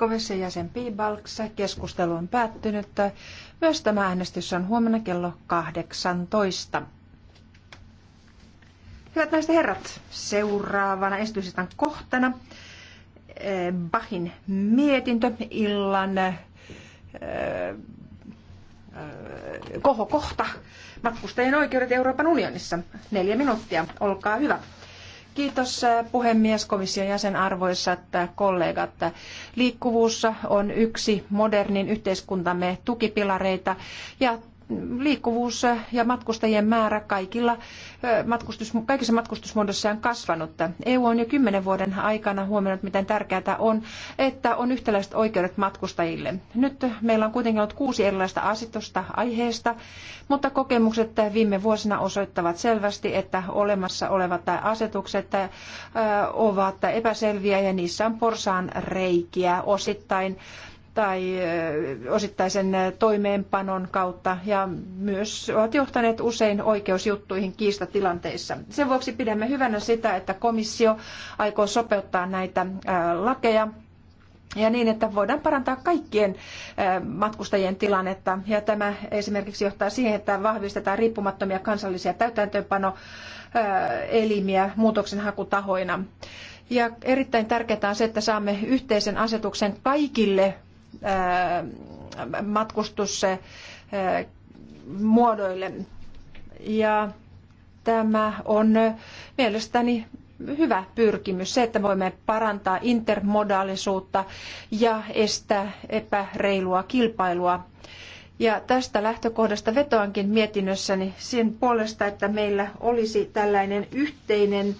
komission jäsen Piibalks. Keskustelu on päättynyt. Myös tämä äänestys on huomenna kello 18. Hyvät naiset herrat, seuraavana esitysistan kohtana eh, Bachin mietintö illan eh, eh, kohokohta matkustajien oikeudet Euroopan unionissa. Neljä minuuttia, olkaa hyvä. Kiitos äh, puhemies, komission jäsen arvoisat äh, kollegat. Liikkuvuus on yksi modernin yhteiskuntamme tukipilareita ja liikkuvuus ja matkustajien määrä kaikilla, matkustus, kaikissa matkustusmuodoissa on kasvanut. EU on jo kymmenen vuoden aikana huomannut, miten tärkeää on, että on yhtäläiset oikeudet matkustajille. Nyt meillä on kuitenkin ollut kuusi erilaista asetusta aiheesta, mutta kokemukset viime vuosina osoittavat selvästi, että olemassa olevat asetukset ovat epäselviä ja niissä on porsaan reikiä osittain tai osittaisen toimeenpanon kautta ja myös ovat johtaneet usein oikeusjuttuihin kiistatilanteissa. Sen vuoksi pidämme hyvänä sitä, että komissio aikoo sopeuttaa näitä lakeja ja niin, että voidaan parantaa kaikkien matkustajien tilannetta. Ja tämä esimerkiksi johtaa siihen, että vahvistetaan riippumattomia kansallisia täytäntöönpanoelimiä muutoksenhakutahoina. Ja erittäin tärkeää on se, että saamme yhteisen asetuksen kaikille Äh, matkustusmuodoille. Äh, ja tämä on mielestäni hyvä pyrkimys, se, että voimme parantaa intermodaalisuutta ja estää epäreilua kilpailua. Ja tästä lähtökohdasta vetoankin mietinnössäni sen puolesta, että meillä olisi tällainen yhteinen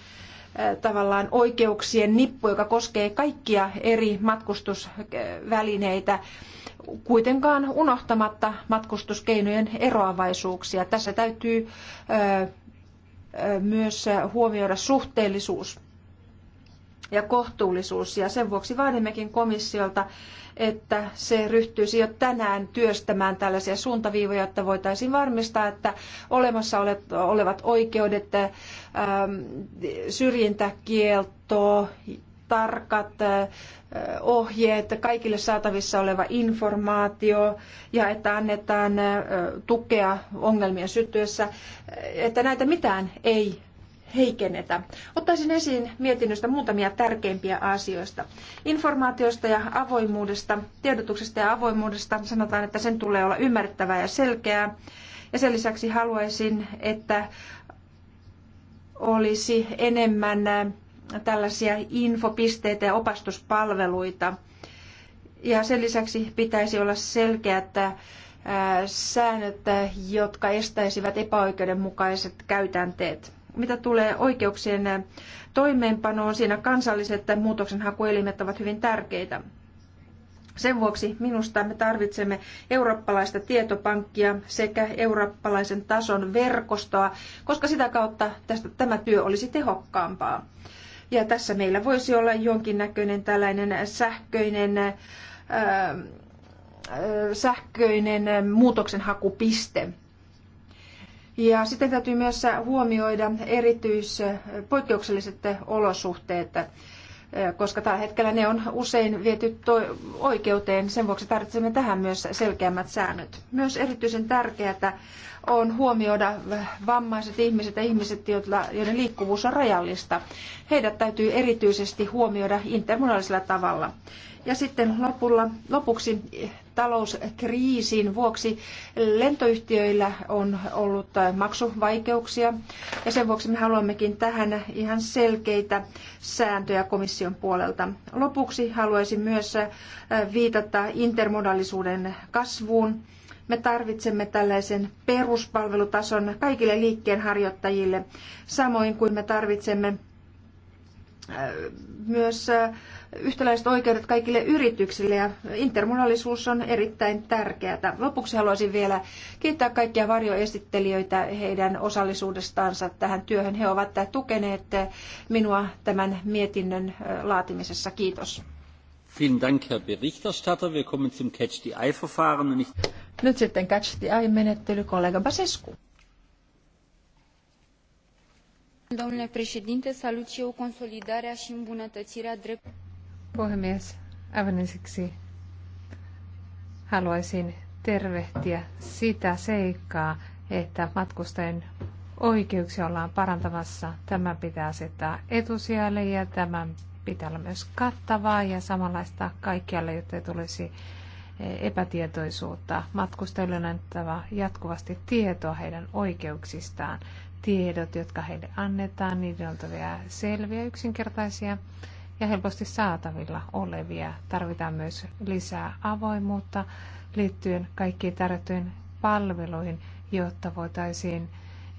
tavallaan oikeuksien nippu, joka koskee kaikkia eri matkustusvälineitä, kuitenkaan unohtamatta matkustuskeinojen eroavaisuuksia. Tässä täytyy myös huomioida suhteellisuus ja kohtuullisuus. Ja sen vuoksi vaadimmekin komissiolta, että se ryhtyisi jo tänään työstämään tällaisia suuntaviivoja, että voitaisiin varmistaa, että olemassa olevat oikeudet, ähm, syrjintäkielto, tarkat äh, ohjeet, kaikille saatavissa oleva informaatio ja että annetaan äh, tukea ongelmien syttyessä, että näitä mitään ei heikennetä. Ottaisin esiin mietinnöstä muutamia tärkeimpiä asioista. Informaatiosta ja avoimuudesta, tiedotuksesta ja avoimuudesta sanotaan, että sen tulee olla ymmärrettävää ja selkeää. Ja sen lisäksi haluaisin, että olisi enemmän äh, tällaisia infopisteitä ja opastuspalveluita. Ja sen lisäksi pitäisi olla selkeät äh, säännöt, jotka estäisivät epäoikeudenmukaiset käytänteet mitä tulee oikeuksien toimeenpanoon, siinä kansalliset muutoksenhakuelimet ovat hyvin tärkeitä. Sen vuoksi minusta me tarvitsemme eurooppalaista tietopankkia sekä eurooppalaisen tason verkostoa, koska sitä kautta tästä, tämä työ olisi tehokkaampaa. Ja tässä meillä voisi olla jonkinnäköinen tällainen sähköinen, äh, sähköinen muutoksenhakupiste. Ja sitten täytyy myös huomioida erityis poikkeukselliset olosuhteet, eh, koska tällä hetkellä ne on usein viety oikeuteen. Sen vuoksi tarvitsemme tähän myös selkeämmät säännöt. Myös erityisen tärkeää on huomioida vammaiset ihmiset ja ihmiset, joiden liikkuvuus on rajallista. Heidät täytyy erityisesti huomioida intermodaalisella tavalla. Ja sitten lopulla, lopuksi talouskriisin vuoksi lentoyhtiöillä on ollut maksuvaikeuksia ja sen vuoksi me haluammekin tähän ihan selkeitä sääntöjä komission puolelta. Lopuksi haluaisin myös viitata intermodaalisuuden kasvuun. Me tarvitsemme tällaisen peruspalvelutason kaikille liikkeenharjoittajille, samoin kuin me tarvitsemme Äh, myös äh, yhtäläiset oikeudet kaikille yrityksille ja intermodaalisuus on erittäin tärkeää. Lopuksi haluaisin vielä kiittää kaikkia varjoesittelijöitä heidän osallisuudestaansa tähän työhön. He ovat tukeneet äh, minua tämän mietinnön laatimisessa. Kiitos. Vielen Dank, Herr Berichterstatter. Wir kommen zum Catch the Eye-Verfahren. Nyt sitten Catch the Eye-menettely, kollega Basescu salut i eu consolidarea i îmbunătăirea drepturilor. Puhemies, aivan ensiksi haluaisin tervehtiä sitä seikkaa, että matkustajien oikeuksia ollaan parantamassa. Tämä pitää asettaa etusijalle ja tämän pitää olla myös kattavaa ja samanlaista kaikkialle, jotta ei tulisi epätietoisuutta. Matkustajille on annettava jatkuvasti tietoa heidän oikeuksistaan. Tiedot, jotka heille annetaan, niiden on oltava selviä, yksinkertaisia ja helposti saatavilla olevia. Tarvitaan myös lisää avoimuutta liittyen kaikkiin tarjottuihin palveluihin, jotta voitaisiin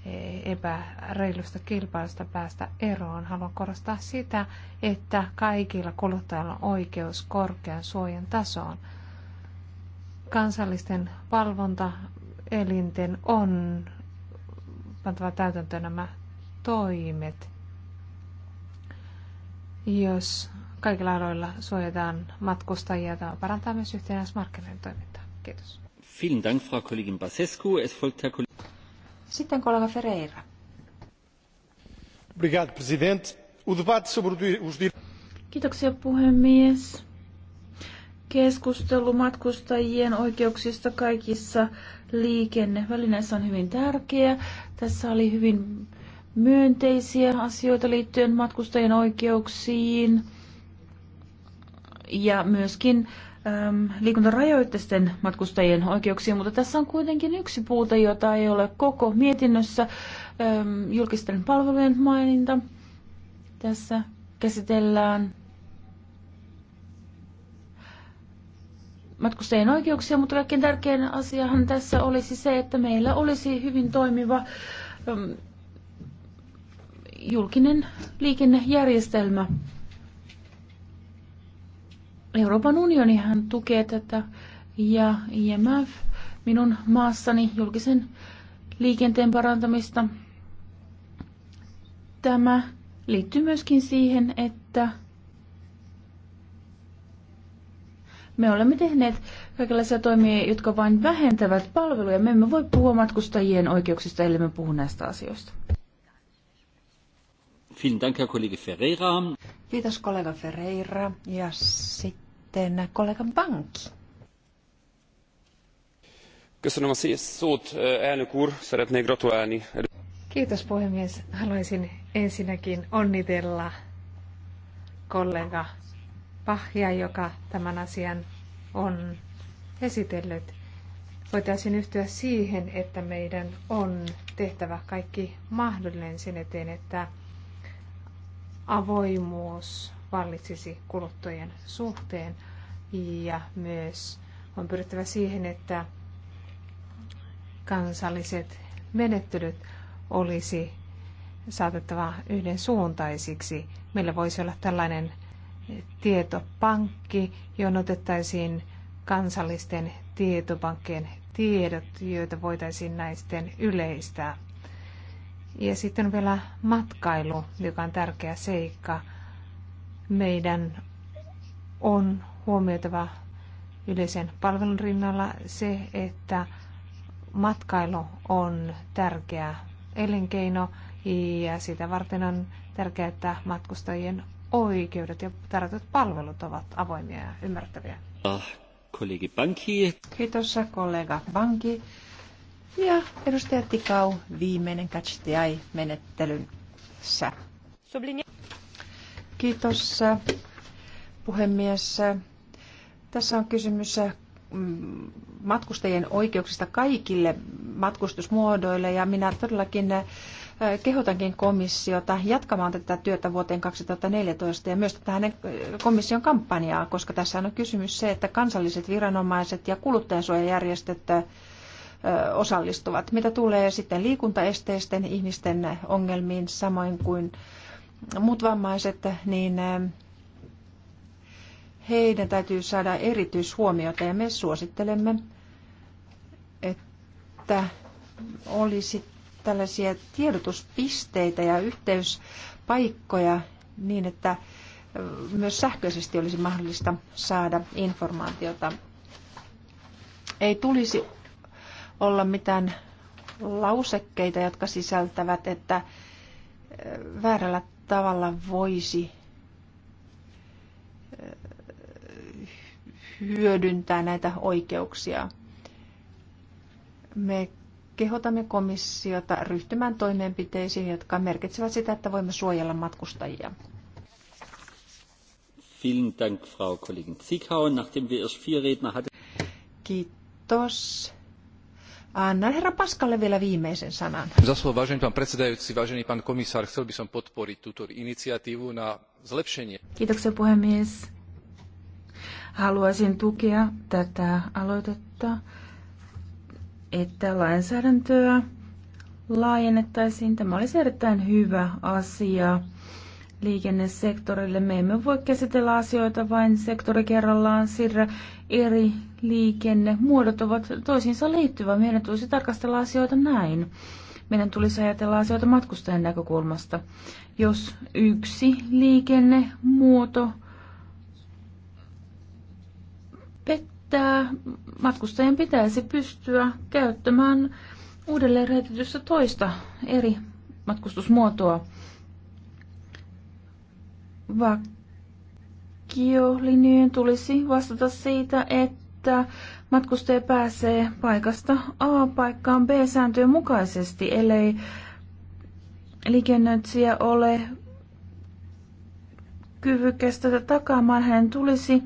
eh, epäreilusta kilpailusta päästä eroon. Haluan korostaa sitä, että kaikilla kuluttajilla on oikeus korkean suojan tasoon kansallisten valvontaelinten on pantava täytäntöön nämä toimet, jos kaikilla aloilla suojataan matkustajia. Tämä parantaa myös yhtenäismarkkinoiden toimintaa. Kiitos. Dank, Frau Basescu. Es folgt Herr Sitten kollega Ferreira. Obrigado, Presidente. O debate sobre os... Kiitoksia, puhemies. Keskustelu matkustajien oikeuksista kaikissa liikennevälineissä on hyvin tärkeä. Tässä oli hyvin myönteisiä asioita liittyen matkustajien oikeuksiin ja myöskin äm, liikuntarajoitteisten matkustajien oikeuksiin, mutta tässä on kuitenkin yksi puute, jota ei ole koko mietinnössä, äm, julkisten palvelujen maininta. Tässä käsitellään matkustajien oikeuksia, mutta kaikkein tärkein asiahan tässä olisi se, että meillä olisi hyvin toimiva ähm, julkinen liikennejärjestelmä. Euroopan unionihan tukee tätä ja IMF minun maassani julkisen liikenteen parantamista. Tämä liittyy myöskin siihen, että Me olemme tehneet kaikenlaisia toimia, jotka vain vähentävät palveluja. Me emme voi puhua matkustajien oikeuksista, ellei me puhu näistä asioista. Kiitos kollega Ferreira ja sitten kollega Banki. Kiitos puhemies. Haluaisin ensinnäkin onnitella kollega Pahja, joka tämän asian on esitellyt. Voitaisiin yhtyä siihen, että meidän on tehtävä kaikki mahdollinen sen eteen, että avoimuus vallitsisi kuluttajien suhteen ja myös on pyrittävä siihen, että kansalliset menettelyt olisi saatettava yhdensuuntaisiksi. Meillä voisi olla tällainen tietopankki, johon otettaisiin kansallisten tietopankkien tiedot, joita voitaisiin näisten yleistää. Ja sitten on vielä matkailu, joka on tärkeä seikka. Meidän on huomioitava yleisen palvelun rinnalla se, että matkailu on tärkeä elinkeino ja sitä varten on tärkeää, että matkustajien oikeudet ja tarjotut palvelut ovat avoimia ja ymmärtäviä. Ah, kollegi Banki. Kiitos kollega Banki. Ja edustaja Tikau, viimeinen KCTI-menettelyssä. Kiitos puhemies. Tässä on kysymys mm, matkustajien oikeuksista kaikille matkustusmuodoille ja minä todellakin kehotankin komissiota jatkamaan tätä työtä vuoteen 2014 ja myös tätä hänen komission kampanjaa, koska tässä on kysymys se, että kansalliset viranomaiset ja kuluttajansuojajärjestöt osallistuvat. Mitä tulee sitten liikuntaesteisten ihmisten ongelmiin, samoin kuin muut vammaiset, niin heidän täytyy saada erityishuomiota ja me suosittelemme, että olisi tällaisia tiedotuspisteitä ja yhteyspaikkoja niin, että myös sähköisesti olisi mahdollista saada informaatiota. Ei tulisi olla mitään lausekkeita, jotka sisältävät, että väärällä tavalla voisi hyödyntää näitä oikeuksia. Me kehotamme komissiota ryhtymään toimenpiteisiin, jotka merkitsevät sitä, että voimme suojella matkustajia. Kiitos. Annan herra Paskalle vielä viimeisen sanan. Za vážený pán predsedajúci, vážený pán komisár, chcel by som podporiť túto iniciatívu na zlepšenie. Kiitoksia puhemies. Haluaisin tukea tätä aloitetta että lainsäädäntöä laajennettaisiin. Tämä olisi erittäin hyvä asia liikennesektorille. Me emme voi käsitellä asioita vain sektori kerrallaan, sillä eri liikennemuodot ovat toisiinsa liittyvä. Meidän tulisi tarkastella asioita näin. Meidän tulisi ajatella asioita matkustajan näkökulmasta. Jos yksi liikennemuoto pet- että matkustajien pitäisi pystyä käyttämään uudelleen reitetystä toista eri matkustusmuotoa. Vakiolinjojen tulisi vastata siitä, että matkustaja pääsee paikasta A paikkaan B sääntöjen mukaisesti, ellei liikennöitsijä ole kyvykästä takaamaan, hän tulisi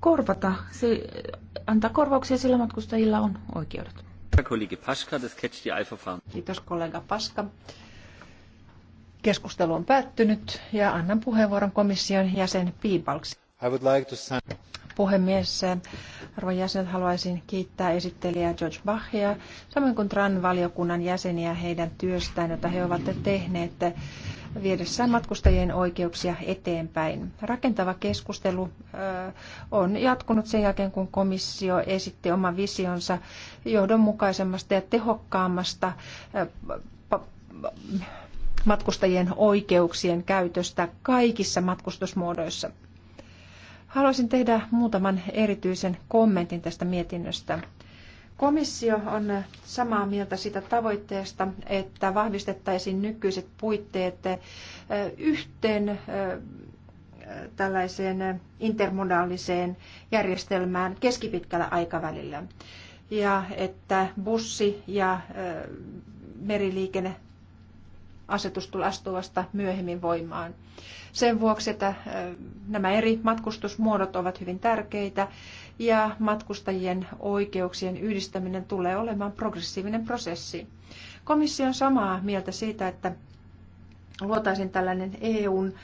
korvata, se, antaa korvauksia, sillä matkustajilla on oikeudet. Kiitos kollega Paska. Keskustelu on päättynyt ja annan puheenvuoron komission jäsen Piibalksi. Like Puhemies, arvon jäsenet, haluaisin kiittää esittelijää George Bachia, samoin kuin TRAN-valiokunnan jäseniä heidän työstään, jota he ovat tehneet viedessään matkustajien oikeuksia eteenpäin. Rakentava keskustelu on jatkunut sen jälkeen, kun komissio esitti oman visionsa johdonmukaisemmasta ja tehokkaammasta matkustajien oikeuksien käytöstä kaikissa matkustusmuodoissa. Haluaisin tehdä muutaman erityisen kommentin tästä mietinnöstä. Komissio on samaa mieltä siitä tavoitteesta, että vahvistettaisiin nykyiset puitteet eh, yhteen eh, tällaiseen eh, intermodaaliseen järjestelmään keskipitkällä aikavälillä. Ja että bussi ja meriliikenne asetus tulee astua vasta myöhemmin voimaan. Sen vuoksi, että nämä eri matkustusmuodot ovat hyvin tärkeitä ja matkustajien oikeuksien yhdistäminen tulee olemaan progressiivinen prosessi. Komissio on samaa mieltä siitä, että luotaisin tällainen EUn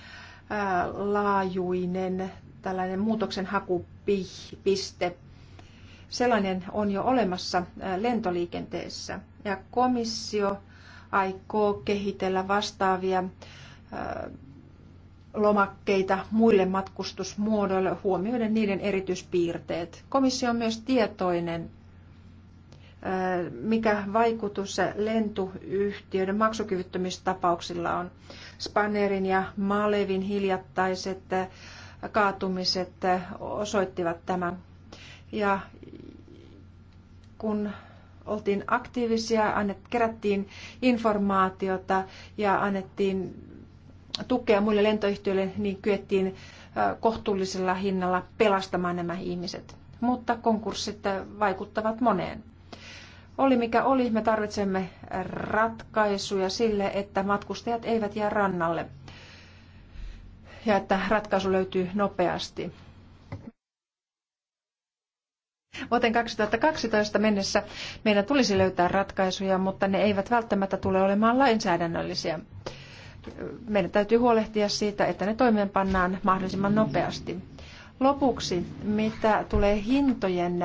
laajuinen tällainen muutoksenhakupiste. Sellainen on jo olemassa lentoliikenteessä. Ja komissio aikoo kehitellä vastaavia lomakkeita muille matkustusmuodoille huomioiden niiden erityispiirteet. Komissio on myös tietoinen, mikä vaikutus lentoyhtiöiden maksukyvyttömyystapauksilla on. Spannerin ja Malevin hiljattaiset kaatumiset osoittivat tämän. Ja kun oltiin aktiivisia, annet, kerättiin informaatiota ja annettiin tukea muille lentoyhtiöille, niin kyettiin kohtuullisella hinnalla pelastamaan nämä ihmiset. Mutta konkurssit vaikuttavat moneen. Oli mikä oli, me tarvitsemme ratkaisuja sille, että matkustajat eivät jää rannalle ja että ratkaisu löytyy nopeasti. Vuoteen 2012 mennessä meidän tulisi löytää ratkaisuja, mutta ne eivät välttämättä tule olemaan lainsäädännöllisiä. Meidän täytyy huolehtia siitä, että ne toimeenpannaan mahdollisimman nopeasti. Lopuksi, mitä tulee hintojen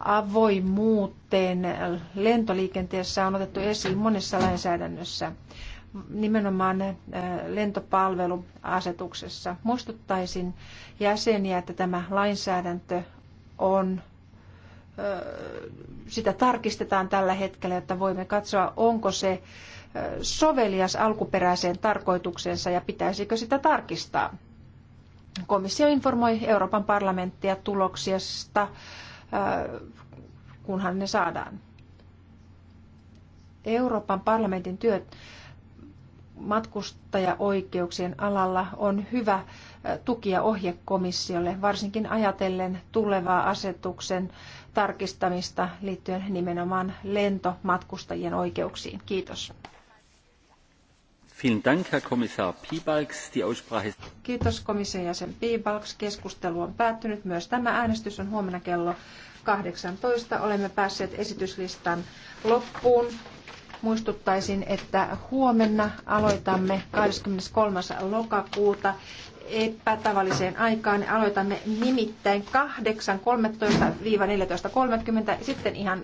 avoimuuteen lentoliikenteessä on otettu esiin monessa lainsäädännössä, nimenomaan äh, lentopalveluasetuksessa. Muistuttaisin jäseniä, että tämä lainsäädäntö on sitä tarkistetaan tällä hetkellä, että voimme katsoa, onko se sovelias alkuperäiseen tarkoituksensa ja pitäisikö sitä tarkistaa. Komissio informoi Euroopan parlamenttia tuloksista, kunhan ne saadaan. Euroopan parlamentin työt matkustajaoikeuksien alalla on hyvä tuki ja ohje komissiolle, varsinkin ajatellen tulevaa asetuksen tarkistamista liittyen nimenomaan lentomatkustajien oikeuksiin. Kiitos. Kiitos komission jäsen Piebalgs. Keskustelu on päättynyt. Myös tämä äänestys on huomenna kello 18. Olemme päässeet esityslistan loppuun. Muistuttaisin, että huomenna aloitamme 23. lokakuuta epätavalliseen aikaan. Aloitamme nimittäin 8.13-14.30, sitten ihan